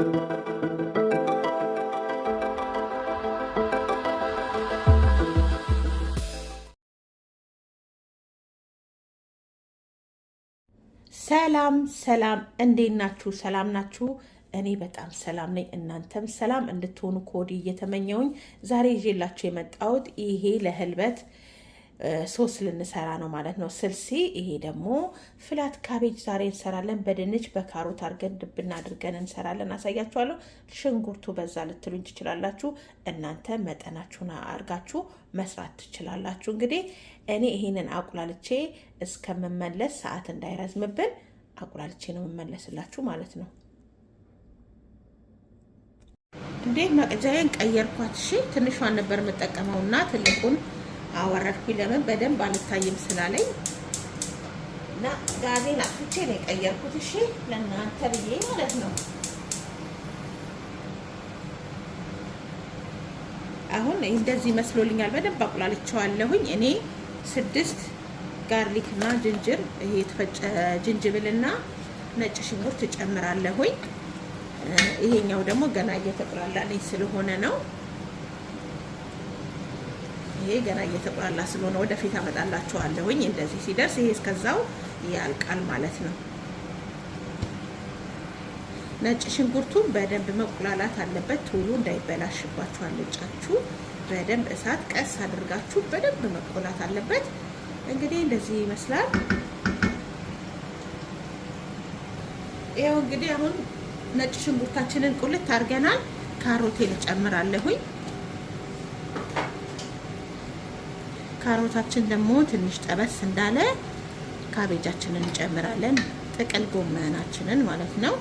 ሰላም ሰላም፣ እንዴት ናችሁ? ሰላም ናችሁ? እኔ በጣም ሰላም ነኝ። እናንተም ሰላም እንድትሆኑ ከወዲህ እየተመኘውኝ ዛሬ ይዤላችሁ የመጣሁት ይሄ ለህልበት ሶስ ልንሰራ ነው ማለት ነው። ስልሲ ይሄ ደግሞ ፍላት ካቤጅ ዛሬ እንሰራለን። በድንች በካሮት አድርገን ድብና አድርገን እንሰራለን። አሳያችኋለሁ። ሽንኩርቱ በዛ ልትሉኝ ትችላላችሁ። እናንተ መጠናችሁን አድርጋችሁ መስራት ትችላላችሁ። እንግዲህ እኔ ይሄንን አቁላልቼ እስከምመለስ ሰዓት እንዳይረዝምብን አቁላልቼ ነው የምመለስላችሁ ማለት ነው። እንዴት መቅጃዬን ቀየርኳት። እሺ ትንሿን ነበር የምጠቀመውና ትልቁን አወረድኩኝ። ለምን በደንብ አልታይም ስላለኝ እና ጋዜን አጥፍቼ ነው የቀየርኩት። እሺ ለእናንተ ብዬ ማለት ነው። አሁን እንደዚህ መስሎልኛል። በደንብ አቁላልቸዋለሁኝ። እኔ ስድስት ጋርሊክ እና ጅንጅር ይሄ የተፈጨ ጅንጅብል እና ነጭ ሽንኩርት እጨምራለሁኝ። ይሄኛው ደግሞ ገና እየተቁላላለኝ ስለሆነ ነው። ይሄ ገና እየተቆላላ ስለሆነ ወደፊት አመጣላችኋለሁኝ። እንደዚህ ሲደርስ ይሄ እስከዛው ያልቃል ማለት ነው። ነጭ ሽንኩርቱን በደንብ መቁላላት አለበት፣ ቶሎ እንዳይበላሽባችሁ አልጫችሁ በደንብ እሳት ቀስ አድርጋችሁ በደንብ መቆላት አለበት። እንግዲህ እንደዚህ ይመስላል። ያው እንግዲህ አሁን ነጭ ሽንኩርታችንን ቁልት አድርገናል። ካሮቴን እጨምራለሁኝ። ካሮታችን ደግሞ ትንሽ ጠበስ እንዳለ ካቤጃችንን እንጨምራለን። ጥቅል ጎመናችንን ማለት ነው።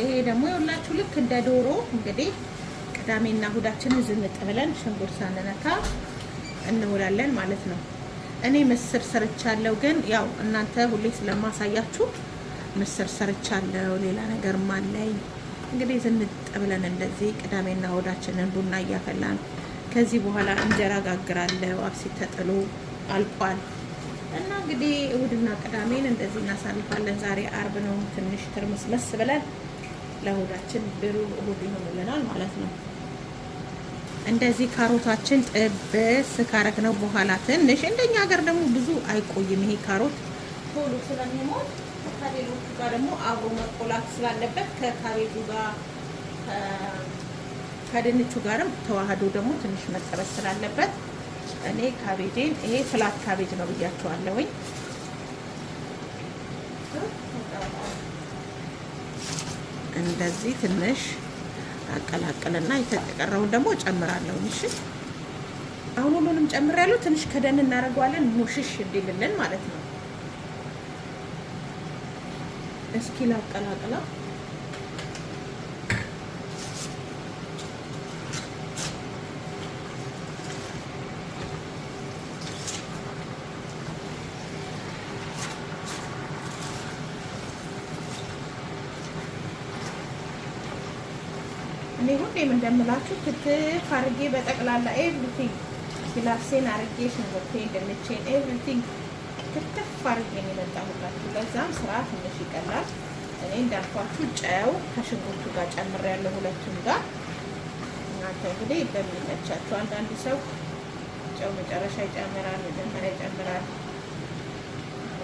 ይሄ ደግሞ የሁላችሁ ልክ እንደ ዶሮ እንግዲህ ቅዳሜና እሁዳችንን ዝንጥ ብለን ሽንኩርት ሳንነካ እንውላለን ማለት ነው። እኔ ምስር ሰርቻለሁ፣ ግን ያው እናንተ ሁሌ ስለማሳያችሁ ምስር ሰርቻለሁ። ሌላ ነገርም አለኝ እንግዲህ ዝንጥ ብለን እንደዚህ ቅዳሜና እሁዳችንን ቡና እያፈላን ከዚህ በኋላ እንጀራ ጋግራለሁ። አብሲት ተጥሎ አልቋል እና እንግዲህ እሁድና ቅዳሜን እንደዚህ እናሳልፋለን። ዛሬ አርብ ነው። ትንሽ ትርምስመስ ብለን ለእሁዳችን ብሩ እሁድ ይሆንልናል ማለት ነው። እንደዚህ ካሮታችን ጥብስ ነው በኋላ ትንሽ እንደኛ ሀገር ደግሞ ብዙ አይቆይም ይሄ ካሮት ቶሎ ስለሚሞት ከሌሎቹ ጋር ደግሞ አብሮ መቆላት ስላለበት ከካቤቱ ጋር ከድንቹ ጋርም ተዋህዶ ደግሞ ትንሽ መጠበስ ስላለበት እኔ ካቤጄን ይሄ ፍላት ካቤጅ ነው ብያቸዋለሁኝ። እንደዚህ ትንሽ አቀላቅልና የተቀረውን ደግሞ ጨምራለሁ። እሺ አሁን ሁሉንም ጨምሬያለሁ። ትንሽ ከደን እናደርገዋለን ሙሽሽ እንዲልልን ማለት ነው። እስኪ ላቀላቅለው እንደምላችሁ ክትፍ አርጌ በጠቅላላ ኤቭሪቲንግ ግላፍሴን አርጌ ሽንኩርቴን፣ ድንቼን ኤቭሪቲንግ ክትፍ አርጌ ነው የመጣሁላችሁ። ለዛም ስራ ትንሽ ይቀላል። እኔ እንዳልኳችሁ ጨው ከሽንኩርቱ ጋር ጨምሬያለሁ፣ ሁለቱም ጋር እናንተ እንግዲህ በሚመቻችሁ። አንዳንድ ሰው ጨው መጨረሻ ይጨምራል፣ መጀመሪያ ይጨምራል።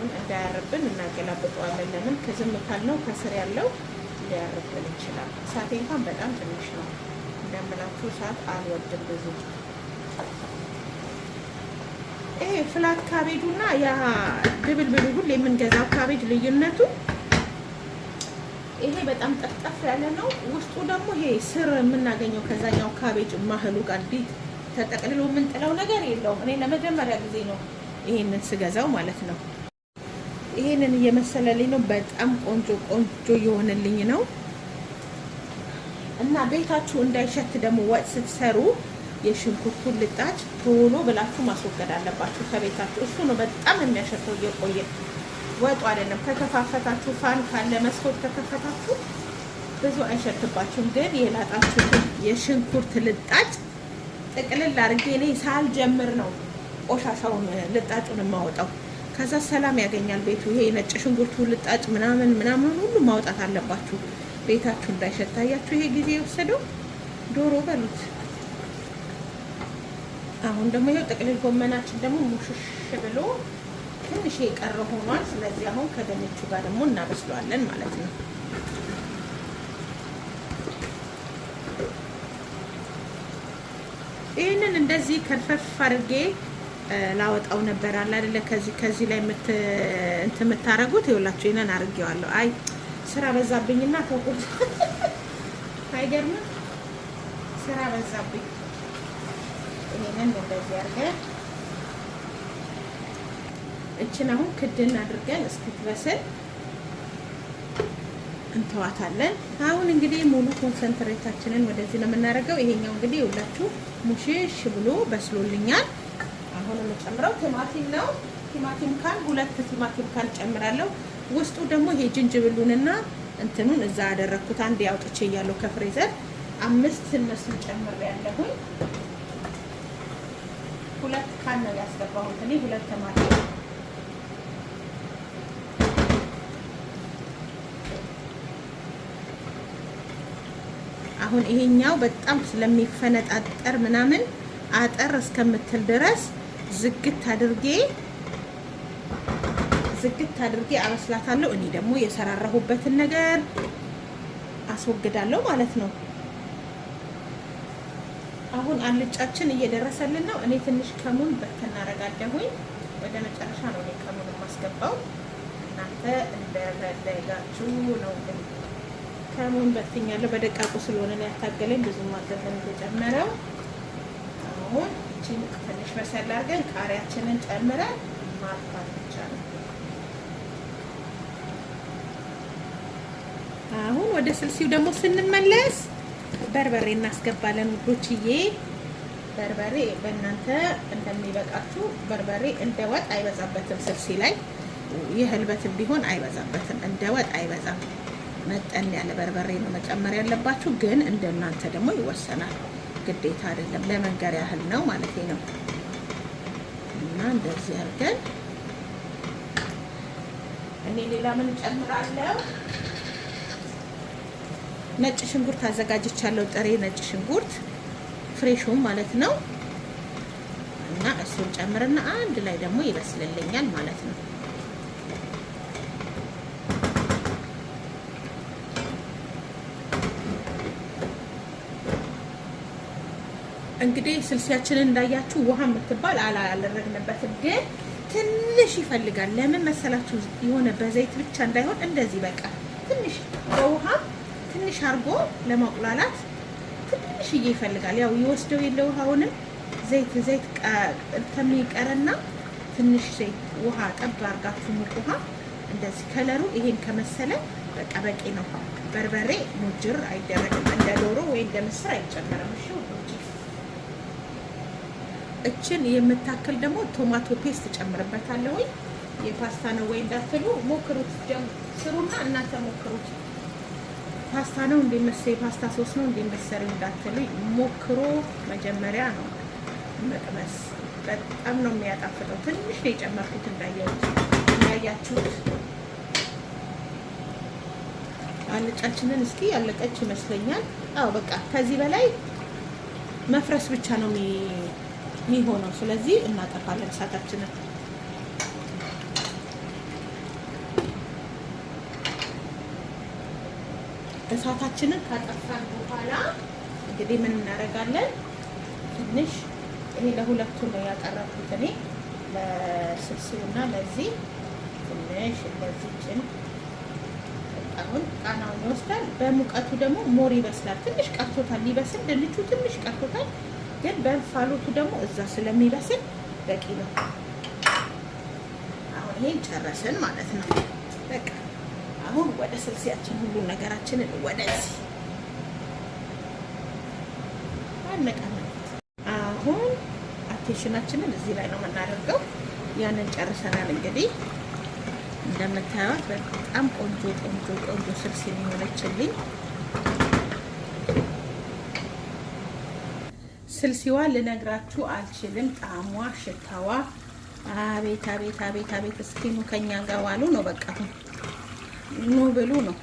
እንዳያርብን እናገላብጠዋለን። ለምን ከዝም ካልነው ከስር ያለው ሊያርብን ይችላል። እሳቴ እንኳን በጣም ትንሽ ነው። እንደምላችሁ እሳት አልወድም ብዙ። ይሄ ፍላት ካቤጁና ያ ድብልብሉ ሁሉ የምንገዛው ካቤጅ ልዩነቱ ይሄ በጣም ጠፍጣፍ ያለ ነው። ውስጡ ደግሞ ይሄ ስር የምናገኘው ከዛኛው ካቤጅ ማህሉ ጋር ቢት ተጠቅልሎ የምንጥለው ነገር የለውም። እኔ ለመጀመሪያ ጊዜ ነው ይሄንን ስገዛው ማለት ነው። ይሄንን እየመሰለልኝ ነው። በጣም ቆንጆ ቆንጆ የሆነልኝ ነው። እና ቤታችሁ እንዳይሸት ደግሞ ወጥ ስትሰሩ የሽንኩርቱን ልጣጭ ቶሎ ብላችሁ ማስወገድ አለባችሁ ከቤታችሁ። እሱ ነው በጣም የሚያሸተው እየቆየ ወጡ አይደለም። ከከፋፈታችሁ ፋን ካለ መስኮት ከከፈታችሁ ብዙ አይሸትባችሁም። ግን የላጣችሁትን የሽንኩርት ልጣጭ ጥቅልል አድርጌ እኔ ሳልጀምር ነው ቆሻሻውን ልጣጩን የማወጣው። ከዛ ሰላም ያገኛል ቤቱ። ይሄ ነጭ ሽንኩርቱ ልጣጭ ምናምን ምናምን ሁሉ ማውጣት አለባችሁ። ቤታችሁ እንዳይሸታያችሁ ይሄ ጊዜ የወሰደው ዶሮ በሉት። አሁን ደግሞ ይሄው ጥቅልል ጎመናችን ደግሞ ሙሽሽ ብሎ ትንሽ የቀረ ሆኗል። ስለዚህ አሁን ከደንቹ ጋር ደግሞ እናበስለዋለን ማለት ነው። ይህንን እንደዚህ ከልፈፍ አድርጌ ላወጣው ነበር አለ አይደለ? ከዚህ ከዚህ ላይ እንትን የምታረጉት ይኸውላችሁ፣ ይሄንን አድርጌዋለሁ። አይ ስራ በዛብኝና ተውኩት። አይገርምም? ስራ በዛብኝ። ይሄንን እንደዚህ አድርገን እችን አሁን ክድን አድርገን እስክትበስል እንተዋታለን። አሁን እንግዲህ ሙሉ ኮንሰንትሬታችንን ወደዚህ ነው የምናደርገው። ይሄኛው እንግዲህ ሁላችሁ ሙሽሽ ብሎ በስሎልኛል። አሁን የምጨምረው ቲማቲም ነው። ቲማቲም ካን ሁለት ቲማቲም ካን ጨምራለሁ። ውስጡ ደግሞ ይሄ ጅንጅብሉንና እንትኑን እዛ ያደረግኩት አንድ ያውጥቼ እያለሁ ከፍሬዘር አምስት እነሱን ያለሁኝ ሁለት ካን ነው ያስገባሁት እኔ ሁለት ተማሪ አሁን ይሄኛው በጣም ስለሚፈነጣጠር ምናምን አጠር እስከምትል ድረስ ዝግት አድርጌ ዝግት አድርጌ አበስላታለሁ። እኔ ደግሞ የሰራራሁበትን ነገር አስወግዳለሁ ማለት ነው። አሁን አልጫችን እየደረሰልን ነው። እኔ ትንሽ ከሙን በተናረጋለሁኝ ወደ መጨረሻ ነው እኔ ከሙን የማስገባው። እናንተ እንደፈለጋችሁ ነው። ከሙን በትኛለሁ። በደቃቁ ስለሆነ ነው ያታገለኝ ብዙ ማዘፈን የተጨመረው። አሁን እቺን ትንሽ በሰል አድርገን ቃሪያችንን ጨምረን ማጥፋት ይቻላል። አሁን ወደ ስልሲው ደግሞ ስንመለስ በርበሬ እናስገባለን ውዶችዬ። በርበሬ በእናንተ እንደሚበቃችሁ በርበሬ እንደ ወጥ አይበዛበትም። ስልሲ ላይ የህልበትም ቢሆን አይበዛበትም፣ እንደ ወጥ አይበዛም። መጠን ያለ በርበሬ ነው መጨመር ያለባችሁ፣ ግን እንደናንተ ደግሞ ይወሰናል። ግዴታ አይደለም፣ ለመንገር ያህል ነው ማለት ነው። እና እንደዚህ አድርገን እኔ ሌላ ምን ጨምራለሁ? ነጭ ሽንኩርት አዘጋጅቻለሁ። ጥሬ ነጭ ሽንኩርት ፍሬሹም ማለት ነው እና እሱን ጨምርና አንድ ላይ ደግሞ ይበስልልኛል ማለት ነው። እንግዲህ ስልሲያችንን እንዳያችሁ ውሃ የምትባል አላደረግንበትም፣ ግን ትንሽ ይፈልጋል። ለምን መሰላችሁ? የሆነ በዘይት ብቻ እንዳይሆን እንደዚህ በቃ ትንሽ በውሃ ትንሽ አርጎ ለማቁላላት ትንሽ ትንሽዬ ይፈልጋል። ያው ይወስደው የለ ውሃውንም ዘይት ዘይት ከሚቀረና ትንሽ ዘይት ውሃ ጠብ አርጋችሁ ሙቅ ውሃ እንደዚህ ከለሩ ይሄን ከመሰለ በቃ በቂ ነው። በርበሬ ሙጅር አይደረግም። እንደ ዶሮ ወይ እንደ ምስር አይጨመርም። እሺ ወንጂ እችን የምታክል ደግሞ ቶማቶ ፔስት ጨምርበታለሁ። ወይ የፓስታ ነው ወይ እንዳትሉ ሞክሩት፣ ስሩና እናንተ ሞክሩት። ፓስታ ነው እንደምሰሪ ፓስታ ሶስ ነው እንደምሰሪ እንዳትልኝ፣ ሞክሮ መጀመሪያ ነው መቅመስ። በጣም ነው የሚያጣፍጠው። ትንሽ ነው የጨመርኩት እንዳያዩት እንዳያችሁት። አልጫችንን እስኪ ያለቀች ይመስለኛል። አዎ በቃ ከዚህ በላይ መፍረስ ብቻ ነው የሚሆነው። ስለዚህ እናጠፋለን እሳታችንን። እሳታችንን ካጠፋን በኋላ እንግዲህ ምን እናደርጋለን? ትንሽ ይሄ ለሁለቱ ነው ያቀረብኩት እኔ ለስልስሉና ለዚህ ትንሽ እንደዚህ ጭን ጣሁን ቃናውን ይወስዳል። በሙቀቱ ደግሞ ሞር ይበስላል። ትንሽ ቀርቶታል ሊበስል ድንቹ ትንሽ ቀርቶታል፣ ግን በእንፋሎቱ ደግሞ እዛ ስለሚበስል በቂ ነው። አሁን ይሄን ጨረስን ማለት ነው። ስልሲያችን ሁሉን ነገራችንን ወደዚህ አነቃነት። አሁን አቴንሽናችንን እዚህ ላይ ነው የምናደርገው። ያንን ጨርሰናል። እንግዲህ እንደምታዩት በጣም ቆንጆ ቆንጆ ቆንጆ ስልስ የሚሆነችልኝ ስልሲዋ ልነግራችሁ አልችልም። ጣዕሟ፣ ሽታዋ አቤት አቤት አቤት አቤት! እስኪኑ ከኛ ጋር ዋሉ ነው በቃ ኑ ብሉ ነው።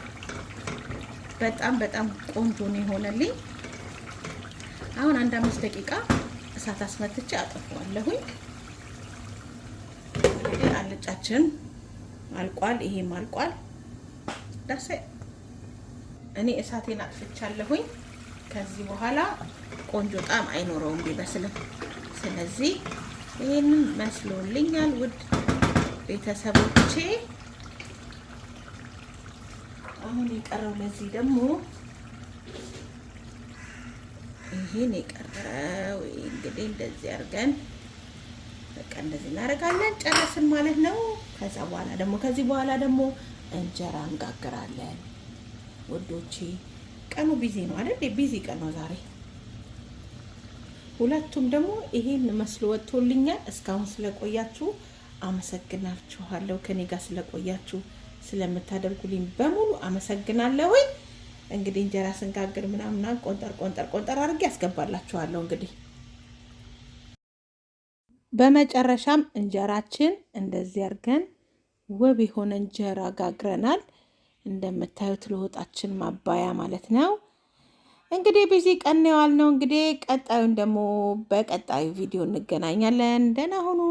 በጣም በጣም ቆንጆ ነው የሆነልኝ። አሁን አንድ አምስት ደቂቃ እሳት አስመትቼ አጥፈዋለሁኝ። አልጫችን አልቋል፣ ይሄም አልቋል። ዳሴ እኔ እሳቴን አጥፍቻለሁኝ። ከዚህ በኋላ ቆንጆ ጣዕም አይኖረውም ቢበስልም። ስለዚህ ይህንን መስሎልኛል ውድ ቤተሰቦቼ አሁን የቀረው ለዚህ ደግሞ ይሄን የቀረው እንግዲህ እንደዚህ አድርገን በቃ እንደዚህ እናደርጋለን። ጨረስን ማለት ነው። ከዛ በኋላ ደግሞ ከዚህ በኋላ ደግሞ እንጀራ እንጋግራለን ወዶቼ። ቀኑ ቢዚ ነው አይደል? ቢዚ ቀን ነው ዛሬ። ሁለቱም ደግሞ ይሄን መስሎ ወጥቶልኛል። እስካሁን ስለቆያችሁ አመሰግናችኋለሁ። ከኔ ጋር ስለቆያችሁ ስለምታደርጉልኝ በሙሉ አመሰግናለሁኝ። እንግዲህ እንጀራ ስንጋግር ምናምና ቆንጠር ቆንጠር ቆንጠር አድርጌ ያስገባላችኋለሁ። እንግዲህ በመጨረሻም እንጀራችን እንደዚህ አድርገን ውብ የሆነ እንጀራ ጋግረናል። እንደምታዩት ለወጣችን ማባያ ማለት ነው። እንግዲህ ቢዚ ቀን የዋል ነው። እንግዲህ ቀጣዩን ደግሞ በቀጣዩ ቪዲዮ እንገናኛለን። ደህና ሁኑ።